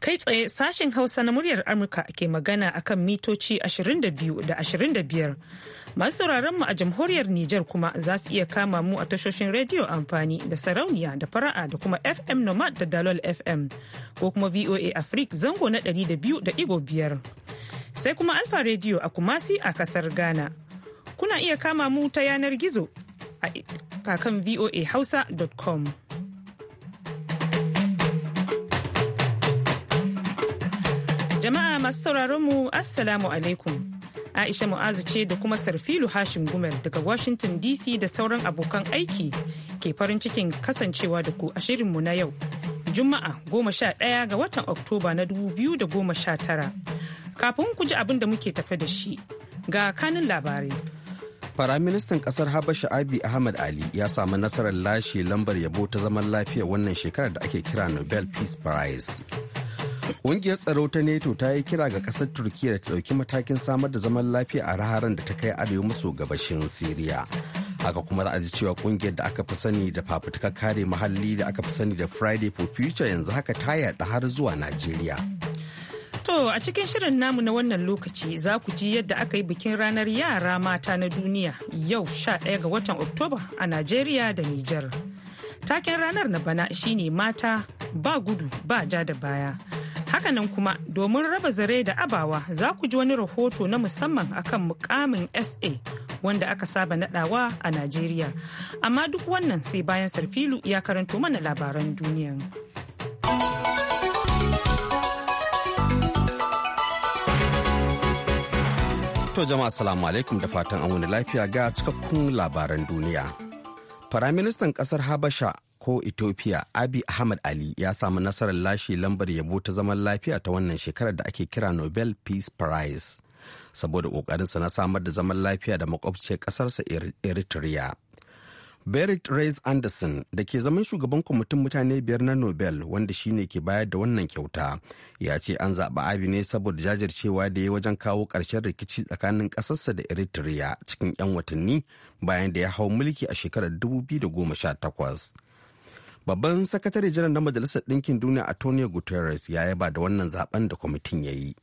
Kai tsaye sashen Hausa na muryar Amurka ke magana akan mitoci 22 da 25. Masu sauraron mu a jamhuriyar Nijar kuma za su iya kama mu a tashoshin rediyo amfani da sarauniya da fara'a da kuma FM Nomad da Dalol FM ko kuma VOA Africa zango na 200.5. Sai kuma Alfa rediyo a Kumasi a kasar Ghana. Kuna iya kama mu ta yanar gizo a kakan voahausa.com. Jama'a masu sauraron mu Assalamu alaikum. Aisha Mu'azu ce da kuma Sarfilu Hashim Gumel daga Washington DC da sauran abokan aiki ke farin cikin kasancewa da ku a shirinmu na yau. Juma'a goma sha ɗaya ga watan Oktoba na dubu biyu da goma sha tara. Kafin ku ji abin da muke tafe da shi ga kanin labarai. Firaministan ƙasar Habasha Abi Ahmad Ali ya samu nasarar lashe lambar yabo ta zaman lafiya wannan shekarar da ake kira Nobel Peace Prize. Ƙungiyar tsaro ta NATO ta yi kira ga ƙasar Turkiyya da ta ɗauki matakin samar da zaman lafiya a raharan da ta kai arewa maso gabashin Siriya. Haka kuma za a ji cewa ƙungiyar da aka fi sani da fafutuka kare muhalli da aka fi sani da Friday for Future yanzu haka ta yaɗa har zuwa Najeriya. To a cikin shirin namu na wannan lokaci za ku ji yadda aka yi bikin ranar yara mata na duniya yau 11 ga watan Oktoba a Najeriya da Nijar. Taken ranar na bana shine mata ba gudu ba ja da baya. Hakanan kuma domin raba zare da abawa za ku ji wani rahoto na musamman akan mukamin SA wanda aka saba nadawa a Najeriya. Amma duk wannan sai bayan sarfilu ya karanto mana labaran duniya. To jama'a salamu alaikum da fatan an lafiya ga cikakkun labaran duniya. Firaministan ƙasar Habasha ko ethiopia abi ahmad ali ya samu nasarar lashe lambar yabo ta zaman lafiya ta wannan shekarar da ake kira nobel peace prize saboda ƙoƙarinsa na samar da zaman lafiya da makwabciyar ƙasarsa eritrea Berit Reis Anderson da ke zaman shugaban kwamitin mutane biyar na Nobel wanda shine ke bayar da wannan kyauta ya ce an zaɓi abi ne saboda jajircewa da ya wajen kawo ƙarshen rikici tsakanin ƙasarsa da Eritrea cikin 'yan watanni bayan da ya hau mulki a shekarar 2018. babban sakatare janar na majalisar ɗinkin duniya antonio guterres ya yaba da wannan zaben da kwamitin ya yi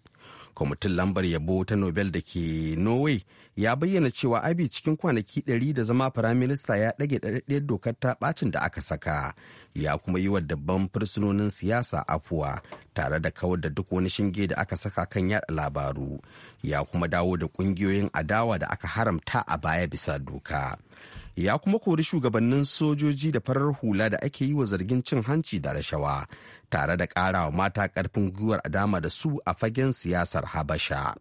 kwamitin lambar yabo ta nobel da ke norway ya bayyana cewa abi cikin kwanaki 100 da zama firaminista ya ɗage ɗaɗɗiyar dokar ta ɓacin da aka saka ya kuma yi wa dabban fursunonin siyasa afuwa tare da kawar da duk wani shinge da aka saka kan yada labaru ya kuma dawo da ƙungiyoyin adawa da aka haramta a baya bisa doka ya kuma kori shugabannin sojoji da farar hula da ake yi wa zargin cin hanci da rashawa tare da ƙarawa mata ƙarfin gwiwar adama da su a fagen siyasar habasha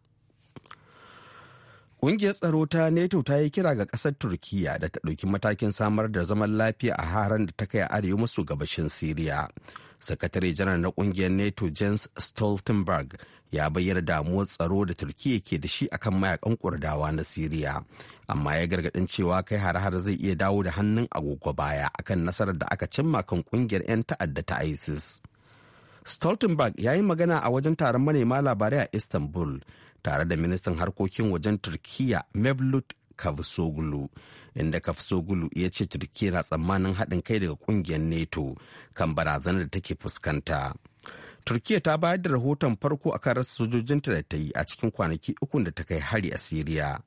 Ƙungiyar tsaro ta NATO ta yi kira ga ƙasar Turkiyya da ta ɗauki matakin samar da zaman lafiya a haran da ta kai a arewa maso gabashin Siriya. Sakatare janar na ƙungiyar NATO Jens Stoltenberg ya bayyana damuwar tsaro da Turkiyya ke da shi akan mayakan Kurdawa na Siriya. Amma ya gargaɗin cewa kai har-har zai iya dawo da hannun agogo baya akan nasarar da aka cimma kan ƙungiyar 'yan ta'adda ta ISIS. Stoltenberg ya yi magana a wajen taron manema labarai a Istanbul tare da ministan harkokin wajen turkiya mevlut kafisoglu inda kafisoglu ya ce turkiya na tsammanin haɗin kai daga ƙungiyar NATO kan barazanar da take fuskanta. turkiya ta bayar da rahoton farko akan rasa sojojinta da ta yi a cikin kwanaki ukun da ta kai hari a Siriya.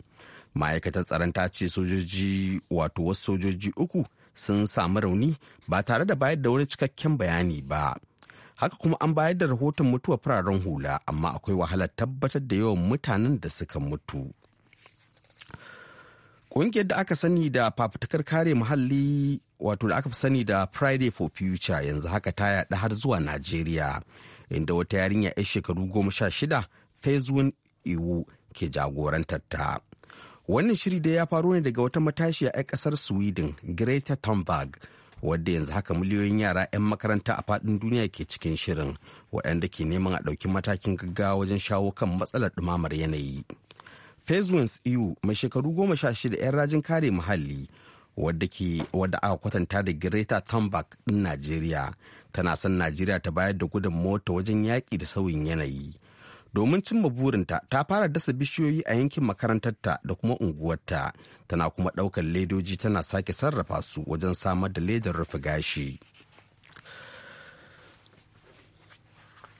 ma'aikatan tsaron ta ce sojoji wato wasu sojoji uku sun samu rauni ba tare da bayar da wani cikakken bayani ba. haka kuma an bayar da rahoton mutuwar fararen hula amma akwai wahalar tabbatar da yawan mutanen da suka mutu ƙungiyar da aka sani da fafutukar kare muhalli wato da aka fi sani da friday for future yanzu haka ta yaɗa har zuwa najeriya inda wata yarinya ya shekaru goma sha shida fezwin iwu ke jagorantar ta wannan shiri da ya faru ne daga wata matashiya 'yar ƙasar sweden greta thunberg wadda yanzu haka miliyoyin yara 'yan makaranta a faɗin duniya ke cikin shirin waɗanda ke neman a ɗauki matakin gaggawa wajen shawo kan matsalar ɗumamar yanayi. Fezwins eu mai shekaru goma sha shida 'yan rajin kare muhalli wadda ke wadda aka kwatanta da Greta Thunberg ɗin Najeriya tana son Najeriya ta bayar da ta wajen yaƙi da sauyin yanayi. domin cimma burinta ta fara dasa bishiyoyi a yankin makarantarta da kuma unguwarta tana kuma ɗaukar ledoji tana sake sarrafa su wajen samar da ledar rufe gashi.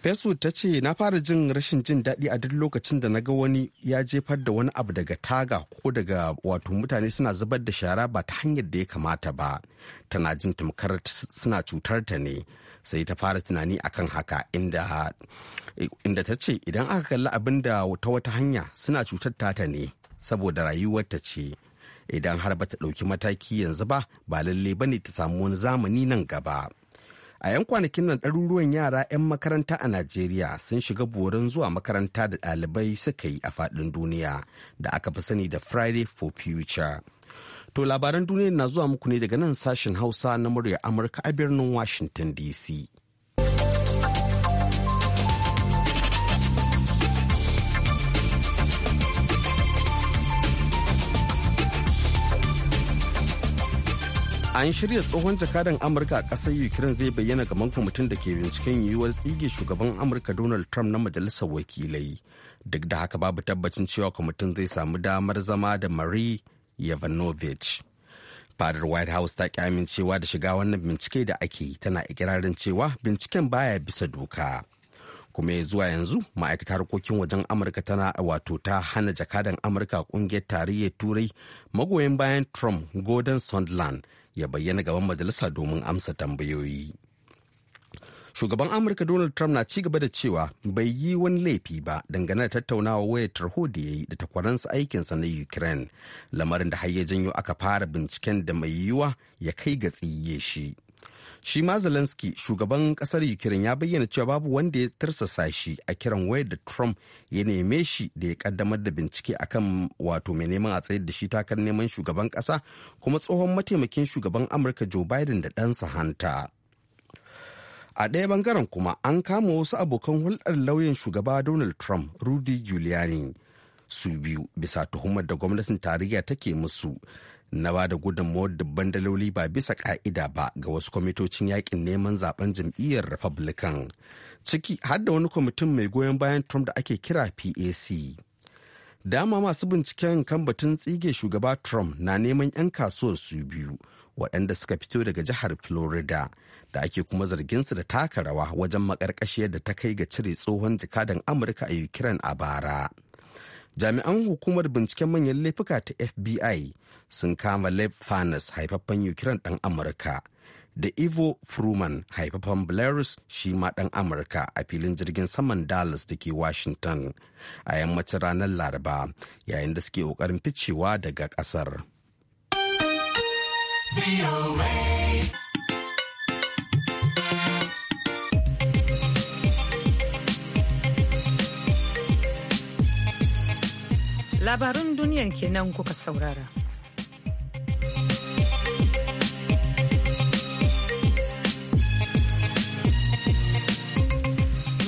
Fesu ta ce na fara jin rashin jin daɗi a duk lokacin da na ga wani ya jefar da wani abu daga taga ko daga wato mutane suna zubar da shara ba ta hanyar da ya kamata ba. Tana jin tamkar suna cutar ta ne sai ta fara tunani akan haka inda inda ta ce idan aka kalli abin da ta wata hanya suna cutar ta ne saboda ta ce idan har ba ta ɗauki mataki yanzu ba ba lalle ba ne ta samu wani zamani nan gaba. a yan kwanakin nan ɗaruruwan yara 'yan makaranta a najeriya sun shiga boron zuwa makaranta da ɗalibai suka yi a faɗin duniya da aka fi sani da friday for future to labaran duniya na zuwa muku ne daga nan sashen hausa na murya amurka a birnin washington dc an shirya tsohon jakadan amurka a ƙasar ukraine zai bayyana gaban mutum da ke binciken yiwuwar tsige shugaban amurka donald trump na majalisar wakilai duk da haka babu tabbacin cewa kwamitin zai samu damar zama da marie yovanovich fadar white house ta ki amincewa da shiga wannan bincike da ake tana ikirarin cewa binciken baya bisa doka kuma ya zuwa yanzu ma'aikatar harkokin wajen amurka tana wato ta hana jakadan amurka kungiyar tarayyar turai magoyan bayan trump gordon sondland ya bayyana gaban majalisa domin amsa tambayoyi. Shugaban Amurka Donald Trump na ci gaba da cewa bai yi wani laifi ba dangane da tattaunawa wayar tarho da ya yi da takwaransa aikinsa na Ukraine, lamarin da har ya janyo aka fara binciken da mai yiwuwa ya kai ga tsiye shi. shi ma zelensky shugaban kasar ukraine ya bayyana cewa babu wanda ya tarsasa shi a kiran wayar da trump ya neme shi da ya kaddamar da bincike akan wato mai neman a tsayar da shi takar neman shugaban kasa kuma tsohon mataimakin shugaban amurka joe biden da ɗansa hanta a ɗaya bangaren kuma an kama wasu abokan hulɗar lauyan shugaba donald trump rudy giuliani su biyu bisa tuhumar da gwamnatin tarayya take musu na ba da gudunmawar dubban daloli ba bisa ka'ida ba ga wasu kwamitocin yakin neman zaben jam'iyyar republican ciki har da wani kwamitin mai goyon bayan trump da ake kira pac dama masu binciken kan batun tsige shugaba trump na neman 'yan kasuwar su biyu waɗanda suka fito daga jihar florida da ake kuma zarginsu da taka rawa wajen makarkashiyar da ta kai ga cire tsohon jikadan amurka a ukraine a bara. jami'an hukumar binciken manyan laifuka ta fbi sun kama lev fanas haifaffen ukraine ɗan amurka da ivo fruman haifaffen belarus shi ma ɗan amurka a filin jirgin saman dallas da ke washington a yammacin ranar laraba yayin da suke ƙoƙarin ficewa daga ƙasar. labarin duniyan kenan kuka saurara.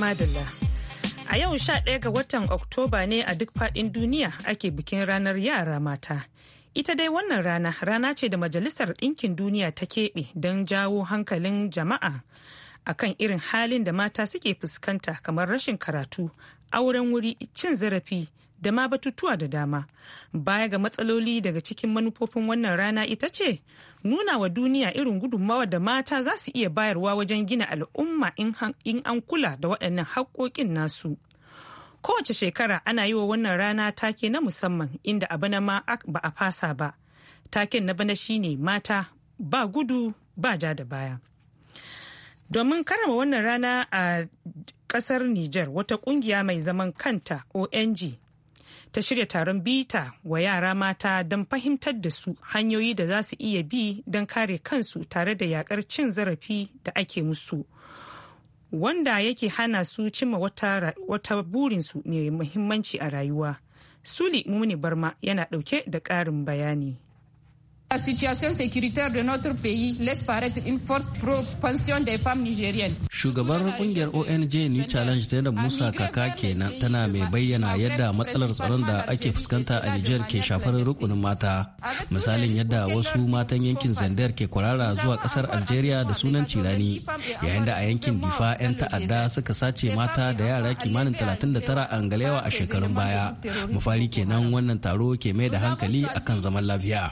Madalla. A yau sha ɗaya ga watan Oktoba ne a duk faɗin duniya ake bikin ranar yara mata. Ita dai wannan rana rana ce da Majalisar Ɗinkin Duniya ta keɓe don jawo hankalin jama'a akan irin halin da mata suke fuskanta kamar rashin karatu, auren wuri, cin zarafi, da ma batutuwa da dama baya ga matsaloli daga cikin manufofin wannan rana ita ce nuna wa duniya irin gudunmawa da mata za su iya bayarwa wajen gina al'umma in an kula da waɗannan haƙoƙin nasu kowace shekara ana yi wa wannan rana take na musamman inda a bana ma ba a fasa ba taken na bana shine mata ba gudu ba ja da baya domin karama wannan rana a ƙasar niger wata ƙungiya mai zaman kanta ong ta shirya taron bita wa yara mata don fahimtar da su hanyoyi da za su iya bi don kare kansu tare da yakar cin zarafi da ake musu wanda yake hana su cimma wata, burinsu mai muhimmanci a rayuwa suli mumuni barma yana ɗauke da ƙarin bayani La situation sécuritaire de notre pays laisse paraître une forte propension des femmes nigériennes. Shugabar kungiyar ONG New Challenge ta Zainab Musa Kaka kenan tana mai bayyana yadda matsalar tsaron da ake fuskanta a Nijar ke shafar rukunin mata. Misalin yadda wasu matan yankin Zandar ke kwarara zuwa kasar Algeria da sunan cirani yayin da a yankin Difa 'yan ta'adda suka sace mata da yara kimanin 39 a Angalewa a shekarun baya. Mufari kenan wannan taro ke mai da hankali akan zaman lafiya.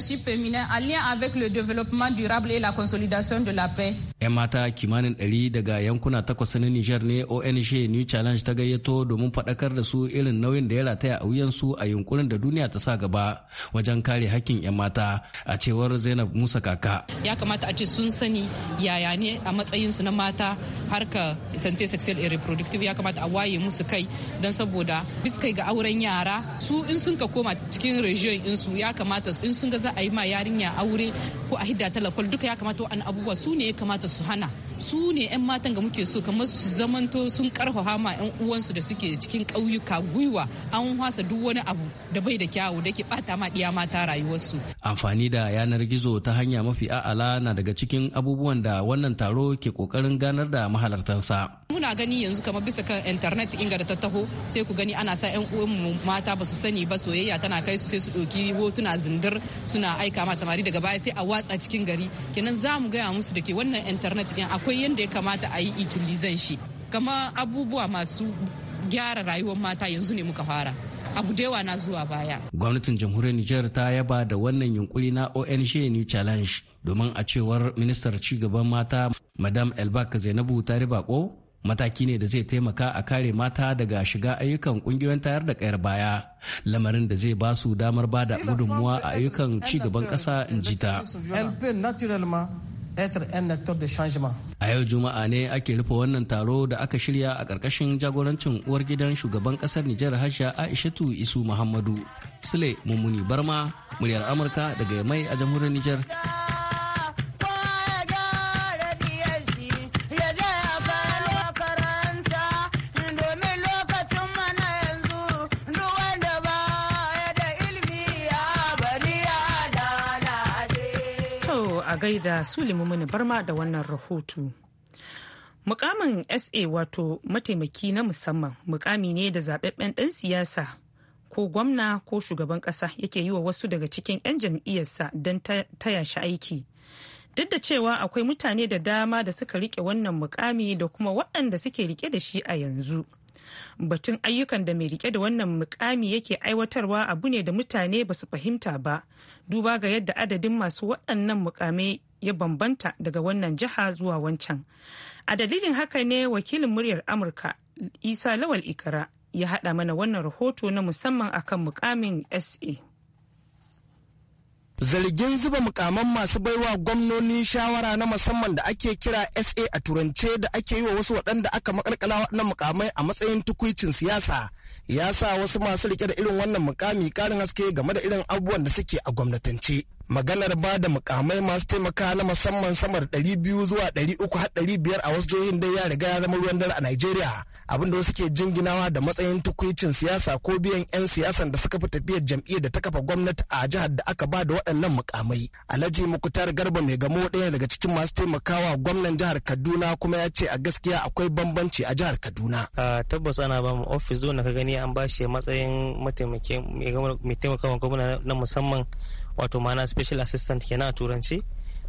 leadership féminin en lien avec le développement durable et la consolidation de la paix. 'Yan mata kimanin ɗari daga yankuna takwas na Nijar ne ONG New Challenge ta gayyato domin faɗakar da su irin nauyin da ya rataya a wuyansu a yunkurin da duniya ta sa gaba wajen kare hakkin 'yan mata a cewar Zainab Musa Kaka. Ya kamata a ce sun sani yaya ne a su na mata harka sante sexual and reproductive ya kamata a waye musu kai don saboda biskai ga auren yara su in sun ka koma cikin region insu ya kamata in sun ga za a yi ma yarinya aure ko a hidda talakol duka ya kamata wa'an abubuwa su ne ya kamata su hana su ne 'yan matan ga muke so kamar su zamanto sun karfafa ma 'yan uwansu da suke cikin ƙauyuka gwiwa an hwasa duk wani abu da bai da kyawu da ke bata ma ɗiya mata rayuwarsu. Amfani da yanar gizo ta hanya mafi a'ala na daga cikin abubuwan da wannan taro ke kokarin ganar da mahalartansa. Muna gani yanzu kamar bisa kan internet inga da ta taho sai ku gani ana sa 'yan uwanmu mata ba su sani ba soyayya tana kai su sai su ɗauki hotuna zindir suna aika ma samari daga baya sai a watsa cikin gari kenan za mu gaya musu da ke wannan internet ɗin akwai akwai yadda ya kamata a yi itilizan shi kama abubuwa masu gyara rayuwar mata yanzu ne muka fara abu da yawa na zuwa baya gwamnatin jamhuriyar nijar ta yaba da wannan yunkuri na ong new challenge domin a cewar ministar cigaban mata madam elbak zainabu ta bako mataki ne da zai taimaka a kare mata daga shiga ayyukan kungiyoyin tayar da kayar baya lamarin da zai ba su damar bada da gudunmuwa a ayyukan cigaban kasa in jita. être un acteur de changement. A yau Juma'a ne ake rufe wannan taro da aka shirya a ƙarƙashin jagorancin uwar gidan shugaban ƙasar Nijar Hajja Aishatu Isu Muhammadu. Sule Mummuni Barma, muryar Amurka daga Yamai a jamhuriyar Nijar. gaida Sulimu Mini Barma da wannan rahoto. Mukamin SA wato mataimaki na musamman mukami ne da zababben ɗan siyasa ko gwamna ko shugaban ƙasa yake yi wa wasu daga cikin 'yan jam'iyyarsa don taya shi aiki. Duk da cewa akwai mutane da dama da suka rike wannan mukami da kuma waɗanda suke rike da shi a yanzu. batun ayyukan da mai rike da wannan mukami yake aiwatarwa abu ne da mutane ba su fahimta ba duba ga yadda adadin masu waɗannan mukamai ya bambanta daga wannan jiha zuwa wancan a dalilin haka ne wakilin muryar amurka isa lawal ikara ya haɗa mana wannan rahoto na musamman akan mukamin sa zargin zuba mukaman masu baiwa gwamnoni shawara na musamman da ake kira sa a turance da ake yi wa wasu waɗanda aka makalkala waɗannan mukamai a matsayin tukuicin siyasa ya sa wasu masu rike da irin wannan mukami karin haske game da irin abubuwan da suke a gwamnatance maganar ba da mukamai masu taimaka na musamman samar 200 zuwa 300 har 500 a wasu jihohin dai ya riga ya zama ruwan dare a Najeriya abinda wasu ke jinginawa da matsayin tukwicin siyasa ko biyan 'yan siyasan da suka fi tafiyar jam'iyyar da ta kafa gwamnati a jihar da aka ba da waɗannan mukamai. Alhaji Mukutar Garba mai gamo ɗaya daga cikin masu taimakawa gwamnan jihar Kaduna kuma ya ce a gaskiya akwai bambanci a jihar Kaduna. A tabbas ana ba mu ofis zo na ka gani an ba shi matsayin mataimakin mai taimakawa gwamnati na musamman wato mana special assistant kenan a turanci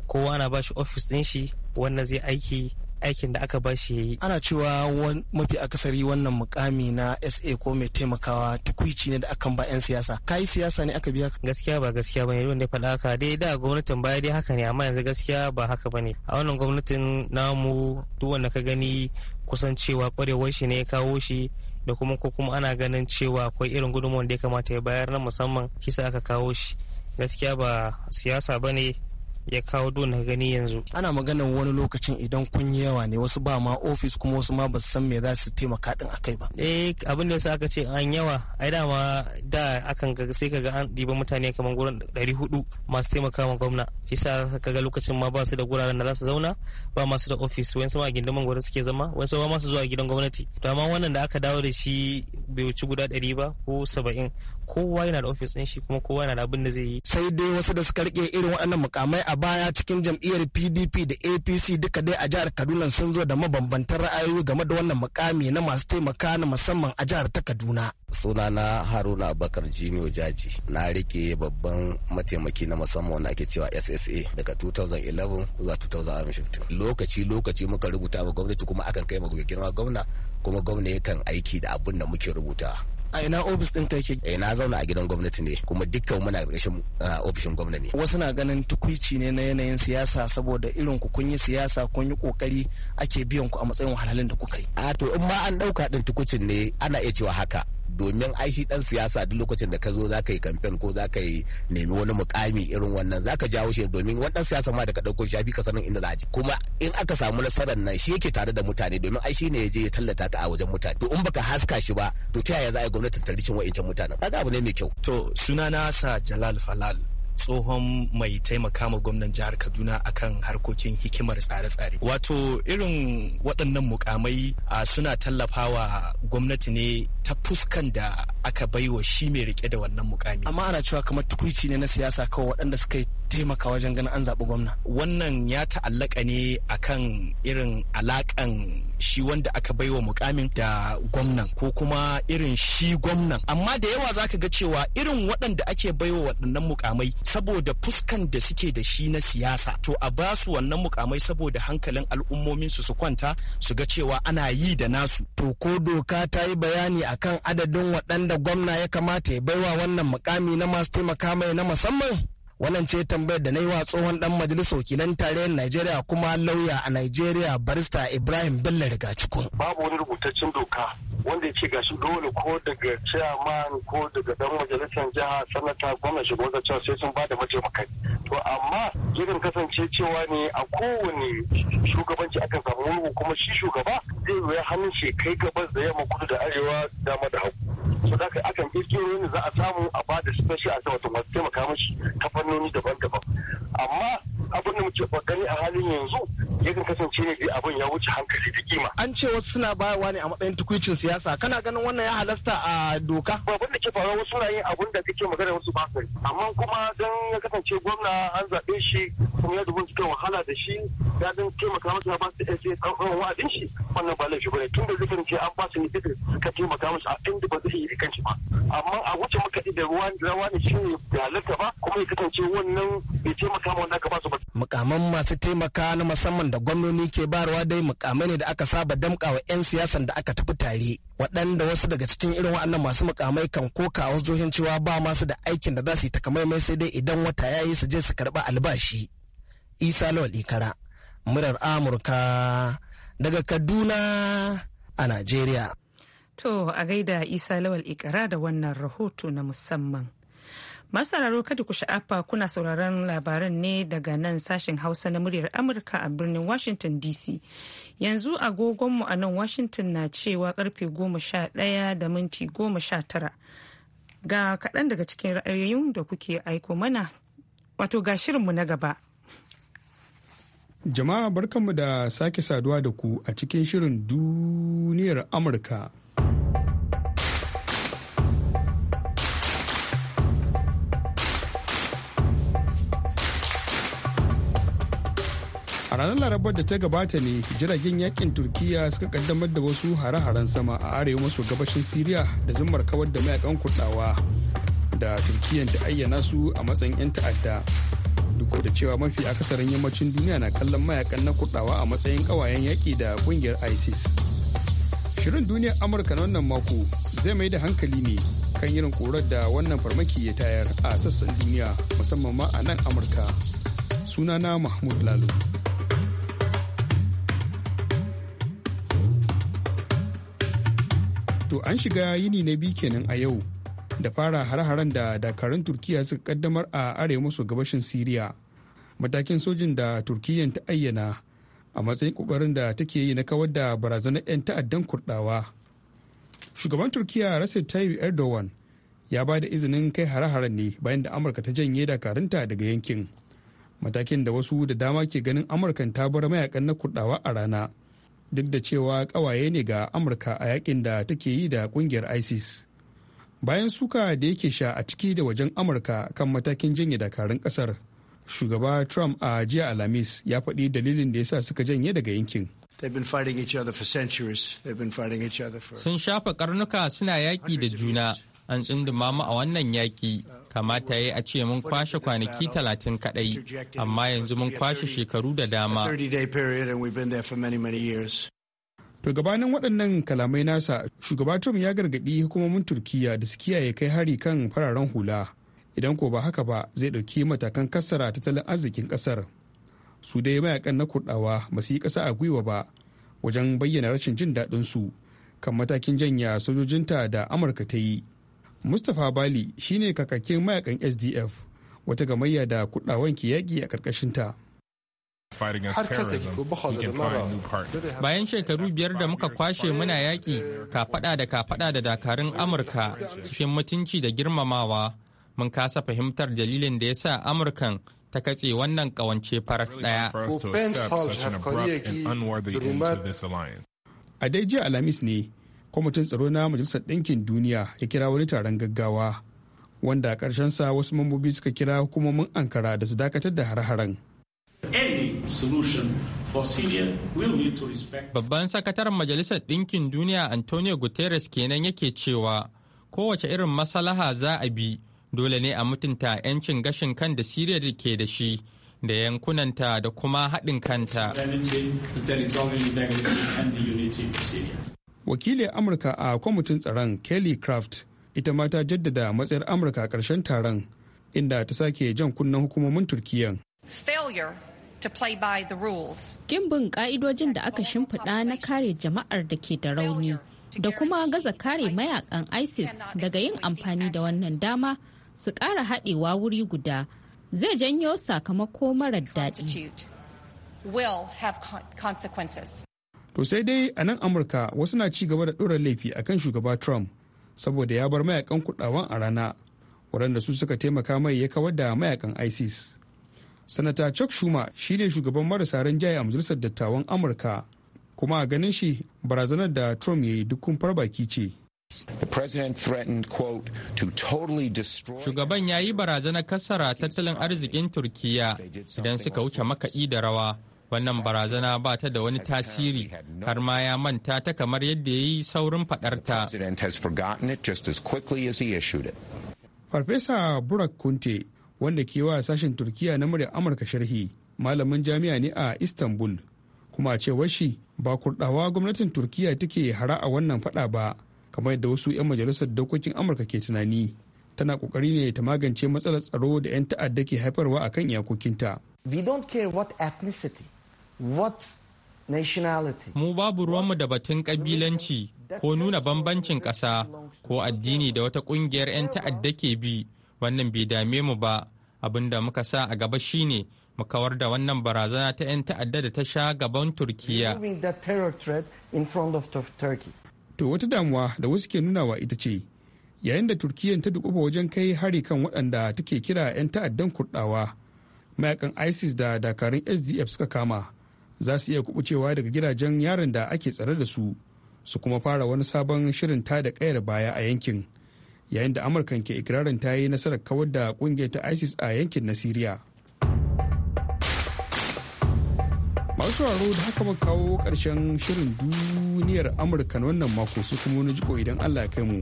kowa na bashi ofis din shi wanda zai aiki aikin da aka shi ya yi ana cewa mafi akasari wannan mukami na sa ko mai taimakawa tukuici ne da akan ba 'yan siyasa yi siyasa ne aka biya gaskiya ba gaskiya ba ne wanda ya faɗa haka dai da gwamnatin baya dai haka ne amma yanzu gaskiya ba haka ba a wannan gwamnatin namu duk wanda ka gani kusan cewa kwarewar shi ne ya kawo shi da kuma ko kuma ana ganin cewa akwai irin gudunmawar da ya kamata ya bayar na musamman kisa aka kawo shi gaskiya ba siyasa ba ne ya kawo na gani yanzu ana maganar wani lokacin idan kun yi yawa ne wasu ba ma ofis kuma wasu ma ba su san me za su taimaka din akai ba eh abin da yasa aka ce an yawa ai ma da akan ga sai kaga an diba mutane kamar gurin 400 masu taimaka ma gwamna kisa kaga lokacin ma ba su da guraren da za su zauna ba masu da ofis wayansu ma gindimin gurin suke zama wayansu ba su zuwa gidan gwamnati to amma wannan da aka dawo da shi bai wuci guda 100 ba ko 70 kowa yana da ofis ɗin shi kuma kowa yana da abin da zai yi sai dai wasu da suka rike irin waɗannan mukamai a baya cikin jam'iyyar PDP da APC duka dai a jihar Kaduna sun zo da mabambantan ra'ayoyi game da wannan mukami na masu taimaka na musamman a jihar ta Kaduna sunana Haruna Bakar Jimiyo Jaji na rike babban mataimaki na musamman wanda ake cewa SSA daga 2011 zuwa 2015 lokaci lokaci muka rubuta ma gwamnati kuma akan kai ma girma gwamna kuma gwamna yakan aiki da abin da muke rubuta a ina ofis din ta yake? ina eh, zauna a gidan gwamnati ne kuma dukkan muna ƙarƙashin ofishin gwamnati wasu na ganin tukuici ne na yanayin siyasa saboda irin ku kun yi siyasa kun yi kokari ake biyan ku a matsayin wahalhalun da kuka yi a to in ma an ɗauka ɗin tukucin ne ana iya cewa haka domin aishi shi dan siyasa duk lokacin da ka zo za ka yi kamfen ko za ka yi nemi wani mukami irin wannan za ka jawo shi domin wannan siyasa ma da ka ɗauko shafi ka sanin inda za a ji kuma in aka samu nasarar nan shi yake tare da mutane domin ai shi ne ya je ya tallata ta a wajen mutane to in baka haska shi ba to ta yaya za a yi gwamnati ta rishin wa'incan mutanen kaga abu ne mai kyau to sunana sa jalal falal tsohon mai taimaka ma gwamnan jihar kaduna akan harkokin hikimar tsare-tsare wato irin waɗannan mukamai suna tallafawa gwamnati ne ta fuskan da aka baiwa shi mai rike da wannan mukami amma ana cewa kamar tukuici ne na siyasa kawai waɗanda suka yi taimaka wajen ganin an zaɓi gwamna. Wannan ya ta'allaka ne akan irin alaƙan shi wanda aka baiwa mukamin da gwamnan ko kuma irin shi gwamnan. Amma da yawa za ka ga cewa irin waɗanda ake baiwa waɗannan mukamai saboda fuskan da suke da shi na siyasa to a ba su wannan mukamai saboda hankalin al'ummomin su su kwanta su ga cewa ana yi da nasu. To ko doka ta yi bayani akan adadin waɗanda gwamna ya kamata ya baiwa wannan mukami na masu taimaka mai na musamman? wannan ce tambayar da na yi wa tsohon dan majalisar wakilan tarayyar najeriya kuma lauya a najeriya barista ibrahim bello rigacikun babu wani rubutaccen doka wanda ya ce ga shi dole ko daga chairman ko daga dan majalisar jiha sanata gwamna shugaba da cewa sai sun bada mataimakai to amma irin kasance cewa ne a kowane shugabanci akan samu wani kuma shi shugaba zai wuya hannun shi kai gabas da yamma kudu da arewa dama da hagu so da akan kirkiro ne za a samu a bada special a wata masu taimaka mashi kafanin fannoni daban-daban amma abin da muke gani a halin yanzu yakan kasance ne abin ya wuce hankali da kima. An ce wasu suna bayarwa ne a matsayin tukuicin siyasa kana ganin wannan ya halasta a doka? abin da ke faruwa wasu na yin abin da kake magana wasu ba amma kuma don ya kasance gwamna an zaɓe shi kuma ya dubin cikin wahala da shi ya dan taimaka masa ba su ɗaya ɗan wa'adin shi wannan ba laifi bane tun da zai ce an ba su ne duka suka taimaka masa a inda ba zai yi kanshi ba amma a wuce makaɗi da ruwa ne shi ne da halatta ba kuma ya kasance wannan bai taimaka ma wanda aka ba su ba mukaman masu taimaka na musamman da gwamnoni ke barwa dai mukamai ne da aka saba damka wa 'yan siyasan da aka tafi tare waɗanda wasu daga cikin irin waɗannan masu mukamai kan koka wasu cewa ba masu da aikin da za su yi takamaimai sai dai idan wata ya yi su je su karɓi albashi isa lawal ikara murar amurka daga kaduna a najeriya to a gaida isa lawal ikara da wannan rahoto na musamman Masararo kada ku sha'afa kuna sauraron labaran ne daga nan sashen Hausa na muryar Amurka a birnin Washington DC. Yanzu agogonmu a nan Washington na cewa karfe goma sha ɗaya da minti goma sha tara. Ga kaɗan daga cikin ra'ayoyin da kuke aiko mana wato ga shirinmu na gaba. Jama'a barkanmu da sake saduwa da ku a cikin shirin duniyar Amurka. a ranar larabar da ta gabata ne jiragen yakin turkiya suka kaddamar da wasu hare-haren sama a arewa maso gabashin siriya da zimmar kawar da mayakan kurdawa da turkiyan ta ayyana su a matsayin 'yan ta'adda duk da cewa mafi akasarin yammacin duniya na kallon mayakan na kurdawa a matsayin kawayen yaki da kungiyar isis shirin duniyar amurka na wannan mako zai mai da hankali ne kan irin korar da wannan farmaki ya tayar a sassan duniya musamman ma a nan amurka sunana mahmud lalo To an shiga yini na biyu kenan a yau da fara har-haren da dakarun Turkiya suka kaddamar a arewa maso gabashin Siriya. Matakin sojin da Turkiyyan ta ayyana a matsayin kokarin da take yi na kawar da barazanar 'yan ta'addan kurdawa. Shugaban turkiya Recep Tayyip Erdogan ya ba da izinin kai hare-haren ne bayan da Amurka ta janye dakarunta daga yankin. Matakin da wasu da dama ke ganin Amurkan ta bar mayakan na kurdawa a rana. duk da cewa kawaye ne ga amurka a yakin da take yi da kungiyar isis bayan suka da yake sha a ciki da wajen amurka kan matakin janye dakarun kasar shugaba trump a jiya alhamis ya faɗi dalilin da ya sa suka janye daga yankin sun shafa karnuka suna yaƙi da juna an tsunduma mu a wannan yaƙi kamata ya yi a ce mun kwashe kwanaki talatin kaɗai amma yanzu mun kwashe shekaru da dama To gabanin waɗannan kalamai nasa shugaba Trump ya gargaɗi hukumomin Turkiyya da su kiyaye kai hari kan fararen hula idan ko ba haka ba zai ɗauki matakan kassara tattalin arzikin ƙasar. Su dai mayakan na kurɗawa ba su yi ƙasa a gwiwa ba wajen bayyana rashin jin daɗin su kan matakin janya sojojinta da Amurka ta yi mustapha bali shine kakakin mayakan sdf wata gamayya da kudawan ke yaƙi a ƙarƙashinta bayan shekaru biyar da muka kwashe muna yaƙi kafaɗa da kafaɗa da dakarun amurka cikin mutunci da girmamawa mun kasa fahimtar dalilin da ya sa amurkan ta katse wannan ƙawance farat ɗaya. a dai jiya alhamis ne kwamitin tsaro na majalisar ɗinkin duniya ya kira wani taron gaggawa wanda a sa wasu mambobi suka kira hukumomin ankara da su dakatar da har-haren babban sakataren majalisar ɗinkin duniya antonio guterres kenan yake cewa kowace irin masalaha za a bi dole ne a mutunta 'yancin gashin kan da siriya ke da shi da yankunanta da kuma haɗin kanta wakilin amurka a kwamitin tsaron kelly craft ita ma ta jaddada matsayar amurka a ƙarshen taron inda ta sake jan kunnen hukumomin turkiyya. kin bin ƙa'idojin da aka shimfiɗa na kare jama'ar da ke da rauni da kuma gaza kare mayakan isis daga yin amfani da wannan dama su ƙara haɗewa wuri guda zai janyo sakamako marar daɗi To sai dai a nan Amurka wasu na ci gaba da ɗora laifi akan shugaba Trump saboda ya bar mayakan kudawan a rana waɗanda su suka taimaka mai ya kawar da mayakan ISIS. Sanata Chuck Schumer shi ne shugaban marasa ran jaye a majalisar dattawan Amurka kuma a ganin shi barazanar da Trump ya yi dukkan farbaki ce. Shugaban ya yi barazanar kasara tattalin arzikin Turkiyya idan suka wuce makaɗi da rawa. wannan barazana ba ta da wani tasiri har ma ya manta ta kamar yadda ya yi saurin faɗarta. Farfesa Burak Kunte wanda ke wa sashen Turkiya na murya Amurka sharhi malamin jami'a ne a Istanbul kuma a cewar shi ba kurɗawa gwamnatin Turkiya take hara a wannan fada ba kamar yadda wasu 'yan majalisar dokokin Amurka ke tunani tana kokari ne ta magance matsalar tsaro da 'yan ta'adda ke haifarwa akan iyakokinta. We don't care what ethnicity what nationality mu babu ruwanmu da batun kabilanci ko nuna bambancin ƙasa ko addini da wata ƙungiyar 'yan ta'adda ke bi wannan bai dame mu ba abinda muka sa a gaba shine mu kawar da wannan barazana ta 'yan ta'adda da ta sha gaban turkiya to wata damuwa da wasu ke nunawa ita ce yayin da turkiyyar ta dukufa wajen kai hari kan waɗanda take kira 'yan ta'addan kurɗawa mayakan isis da dakarun sdf suka kama za su iya kubucewa daga gidajen yaron da ake tsare da su su kuma fara wani sabon shirin ta da kayar baya a yankin yayin da amurkan ke ikirarin ta yi nasarar kawar da kungiyar ta isis a yankin na siriya masu sauraro da haka muka kawo karshen shirin duniyar amurka na wannan mako su kuma wani jiko idan allah ya kai mu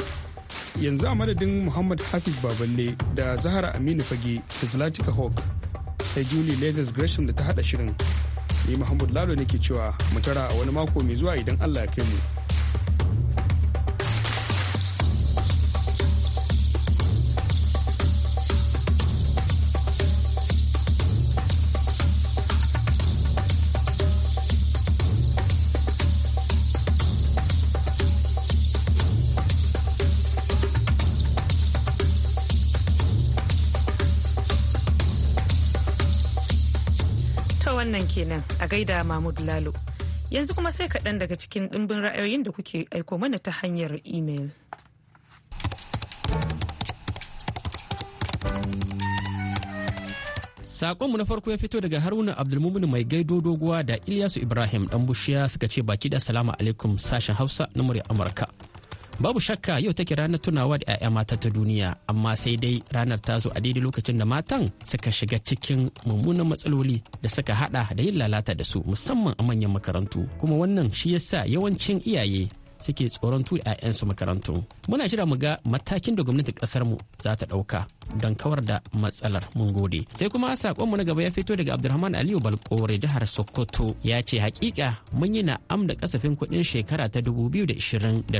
yanzu a madadin muhammad hafiz baballe da zahara aminu fage da zlatika hawk sai julie leathers gresham da ta hada shirin ni Muhammad Lalo nake cewa mu tara wani mako mai zuwa idan Allah ya kai mu. kenan a gaida Mahmud Lalo. Yanzu kuma sai kaɗan daga cikin ɗimbin ra'ayoyin da kuke aiko mana ta hanyar imel. Sakonmu na farko ya fito daga Haruna Abdulmumin mai gaido doguwa da Ilyasu Ibrahim ɗanbushiya suka ce baki da salamu alaikum sashen Hausa na murya Amurka. babu shakka yau take ranar tunawa da 'ya'ya mata ta duniya amma sai dai ranar ta zo a daidai lokacin da matan suka shiga cikin mummunan matsaloli da suka hada da yin lalata da su musamman a manyan makarantu kuma wannan shi yasa yawancin iyaye suke tsoron tu 'ya'yansu makarantu muna jira mu ga matakin da gwamnatin kasar mu za ta dauka don kawar da matsalar mun gode sai kuma sakonmu na gaba ya fito daga abdulrahman aliyu balkore jihar sokoto ya ce hakika mun yi na'am da kasafin kuɗin shekara ta 2020 da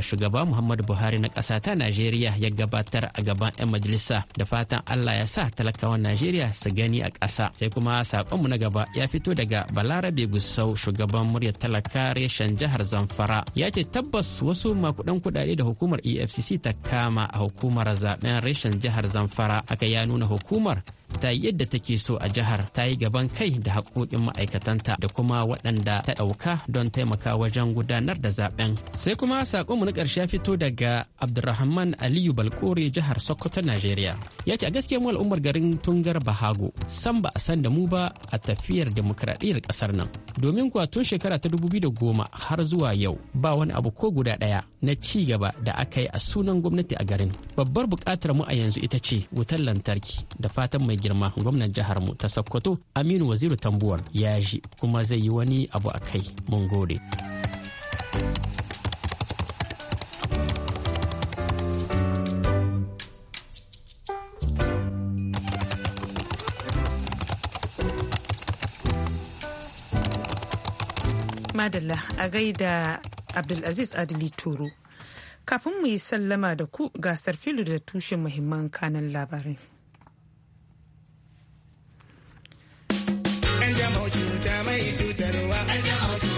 Da shugaba muhammadu buhari na ƙasa ta najeriya ya gabatar a gaban 'yan majalisa da fatan allah ya sa talakawan najeriya su gani a ƙasa sai kuma sakonmu na gaba ya fito daga balarabe gusau shugaban muryar talaka reshen jihar zamfara ya ce tabbas wasu makudan kuɗaɗe da hukumar efcc ta kama a hukumar zaben reshen jihar zamfara aka ya nuna hukumar ta yi yadda take so a jihar ta yi gaban kai da haƙoƙin ma'aikatanta da kuma waɗanda ta ɗauka don taimaka wajen gudanar da zaben sai kuma mu na ƙarshe fito daga abdulrahman aliyu balkore jihar sokoto najeriya ya ce a gaskiya mu al'ummar garin tungar bahago san ba a san da mu ba a tafiyar demokradiyyar ƙasar nan domin kuwa tun shekara ta dubu da goma har zuwa yau ba wani abu ko guda ɗaya na ci gaba da aka yi a sunan gwamnati a garin babbar buƙatar mu a yanzu ita ce wutar lantarki da fatan mai girma gwamnan jihar mu ta Sokoto Aminu Waziri Tambuwal ya ji kuma zai yi wani abu a kai mun gode. Madalla a gaida Abdulaziz Adili Toro. Kafin mu yi sallama da ku gasar sarfilu da tushen muhimman kanan labarai. an kanjamau cuta mai cutarwa.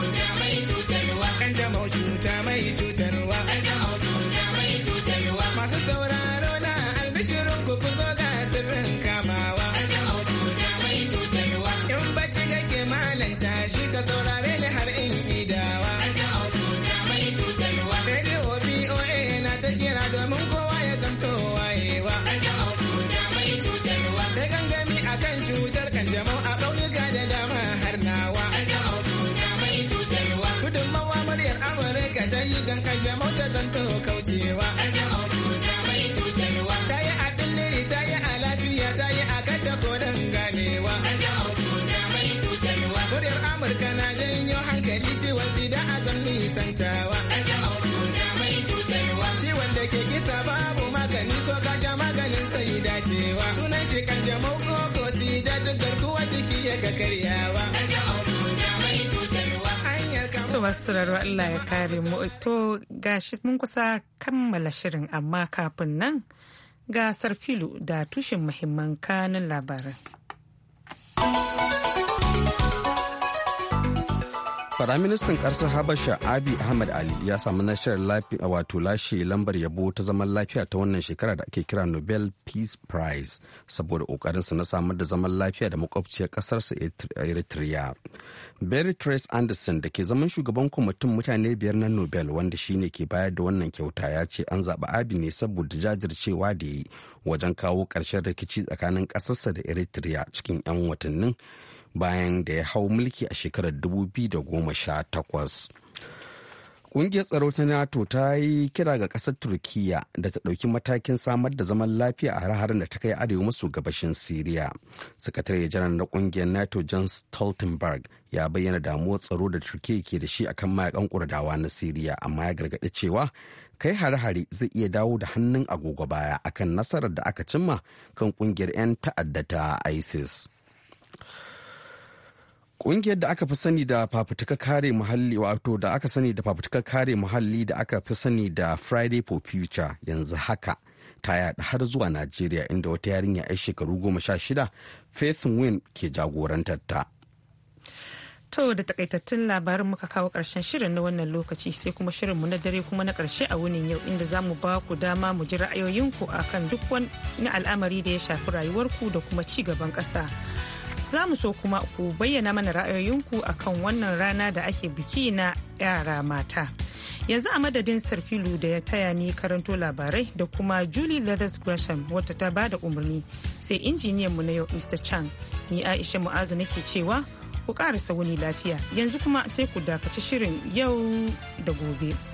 sa babu magani ko ka sha maganin sai dacewa sunan shi kan jamau ko ko da duk garkuwa jiki ya ka karyawa To masu turarwa Allah ya kare mu to gashi mun kusa kammala shirin amma kafin nan ga sarfilu da tushen muhimman kanin labaran. Firaministan ƙasar Habasha Abi Ahmad Ali ya samu nashirar lafiya wato lashe lambar yabo ta zaman lafiya ta wannan shekara da ake kira Nobel Peace Prize saboda ƙoƙarinsa na samar da zaman lafiya da makwabciyar ƙasarsa Eritrea. Barry Trace Anderson da ke zaman shugaban kwamitin mutane biyar na Nobel wanda shine ke bayar da wannan kyauta ya ce an zaɓi Abi ne saboda jajircewa da yi wajen kawo ƙarshen rikici tsakanin ƙasarsa da Eritrea cikin 'yan watannin bayan da ya hau mulki a shekarar 2018 Ƙungiyar tsaro ta NATO ta yi kira ga ƙasar Turkiyya da ta ɗauki matakin samar da zaman lafiya a har da ta kai arewa maso gabashin Siriya. Sakatare janar na ƙungiyar NATO John Stoltenberg ya bayyana damuwar tsaro da Turkiyya ke da shi akan mayakan kurdawa na Siriya, amma ya gargaɗi cewa kai hare-hare zai iya dawo da hannun agogo baya akan nasarar da aka cimma kan ƙungiyar 'yan ta'adda ta ISIS. Ƙungiyar da aka fi sani da fafutukar kare muhalli wato da aka sani da fafutukar kare muhalli da aka fi sani da Friday for Future yanzu haka ta yaɗa har zuwa Najeriya inda wata yarinya 'yar shekaru goma sha shida Faith Win ke jagorantar ta. To da takaitattun labarin muka kawo karshen shirin na wannan lokaci sai kuma shirin mu na dare kuma na karshe a wunin yau inda za mu ba ku dama mu ji ra'ayoyinku akan duk wani al'amari da ya shafi rayuwarku da kuma ci gaban ƙasa. Za mu so kuma ku bayyana mana ra'ayoyinku akan wannan rana da ake biki na yara mata. Yanzu a madadin Sarfilu da ya taya ni karanto labarai da kuma Julie Leathers Gresham wata ta bada umarni sai injiniyan mu na yau Mr. Chang ni Aisha Mu'azu nake cewa ku ƙarasa wani lafiya yanzu kuma sai ku dakaci shirin yau da gobe.